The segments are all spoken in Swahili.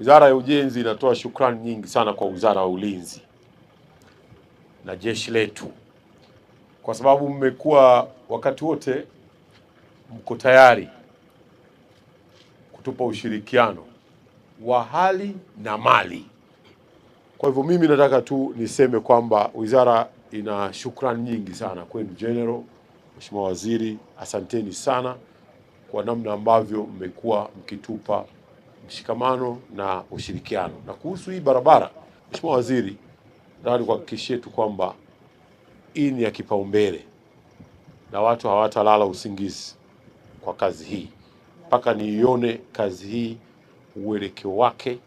Wizara ya Ujenzi inatoa shukrani nyingi sana kwa Wizara ya Ulinzi na jeshi letu kwa sababu mmekuwa wakati wote mko tayari kutupa ushirikiano wa hali na mali. Kwa hivyo mimi nataka tu niseme kwamba wizara ina shukrani nyingi sana kwenu General, Mheshimiwa Waziri, asanteni sana kwa namna ambavyo mmekuwa mkitupa mshikamano na ushirikiano. Na kuhusu hii barabara, Mheshimiwa Waziri, nataka nikuhakikishie tu kwamba hii ni ya kipaumbele na watu hawatalala usingizi kwa kazi hii mpaka niione kazi hii uelekeo wake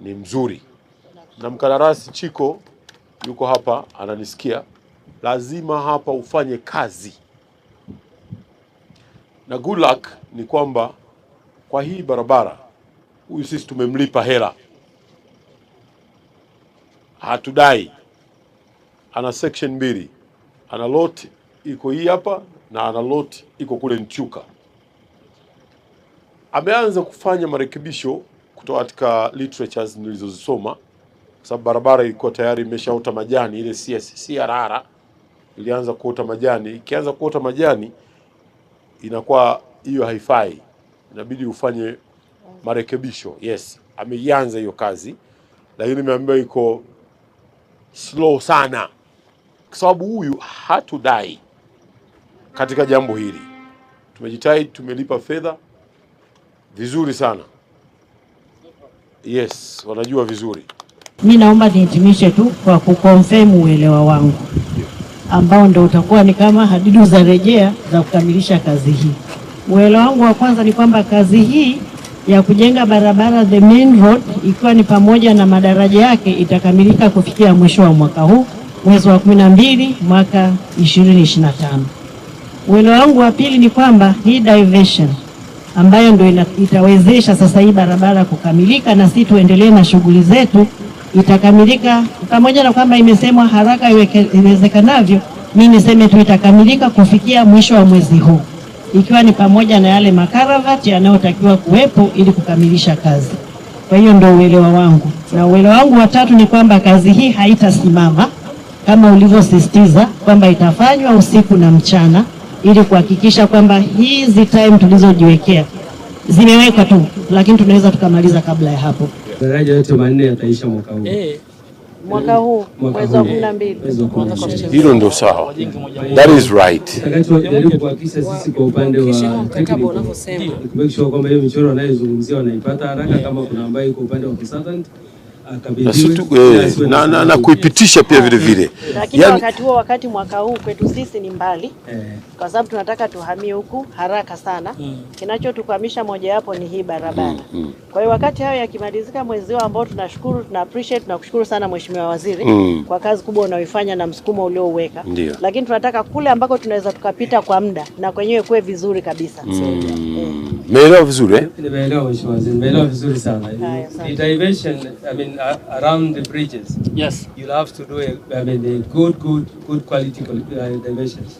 ni mzuri, na mkandarasi Chiko yuko hapa ananisikia, lazima hapa ufanye kazi. Na good luck ni kwamba kwa hii barabara huyu sisi tumemlipa hela, hatudai. Ana section mbili, ana lot iko hii hapa na ana lot iko kule Nchuka. Ameanza kufanya marekebisho kutoka katika literatures nilizozisoma, kwa sababu barabara ilikuwa tayari imeshaota majani, ile CRR ilianza kuota majani. Ikianza kuota majani inakuwa hiyo haifai, inabidi ufanye marekebisho. Yes, ameianza hiyo kazi, lakini nimeambiwa iko slow sana, kwa sababu huyu hatudai katika jambo hili. Tumejitahidi, tumelipa fedha vizuri sana. Yes, wanajua vizuri. Mi naomba nihitimishe tu kwa kukonfirm uelewa wangu ambao ndio utakuwa ni kama hadidu za rejea za kukamilisha kazi hii. Uelewa wangu wa kwanza ni kwamba kazi hii ya kujenga barabara the main road ikiwa ni pamoja na madaraja yake itakamilika kufikia mwisho wa mwaka huu mwezi wa 12 mwaka 2025. Wito wangu wa pili ni kwamba hii diversion ambayo ndio itawezesha sasa hii barabara kukamilika na sisi tuendelee na shughuli zetu itakamilika, pamoja na kwamba imesemwa haraka iwezekanavyo, mimi niseme tu itakamilika kufikia mwisho wa mwezi huu ikiwa ni pamoja na yale makaravati yanayotakiwa kuwepo ili kukamilisha kazi. Kwa hiyo ndio uelewa wangu, na uelewa wangu wa tatu ni kwamba kazi hii haitasimama kama ulivyosisitiza kwamba itafanywa usiku na mchana ili kuhakikisha kwamba hizi time tulizojiwekea zimewekwa tu, lakini tunaweza tukamaliza kabla ya hapo. Daraja yote manne yataisha mwaka huu. Eh, mwaka huu mwezi wa kumi na mbili. Hilo ndio sawa, that is right. Kisha mkataba unavyosema kwamba hiyo michoro anayezungumzia wanaipata haraka, kama kuna ambayo iko upande wa consultant na, na, na kuipitisha pia vile vile. Lakini yani, wakati huo wakati mwaka huu kwetu sisi ni mbali eh, kwa sababu tunataka tuhamie huku haraka sana mm. Kinachotukwamisha mojawapo ni hii barabara mm. mm. Kwa hiyo wakati hayo yakimalizika mwezi ambao tunashukuru tuna appreciate na kushukuru sana Mheshimiwa Waziri mm. kwa kazi kubwa unaoifanya na msukumo uliouweka, lakini tunataka kule ambako tunaweza tukapita kwa muda na kwenyewe kuwe vizuri kabisa mm. Mm. Meelewa vizuri eh? Nimeelewa Mheshimiwa Waziri, nimeelewa vizuri sana. The diversion, I mean, around the bridges. Yes. You'll have to do a, I mean, a good, good, good quality uh, diversion.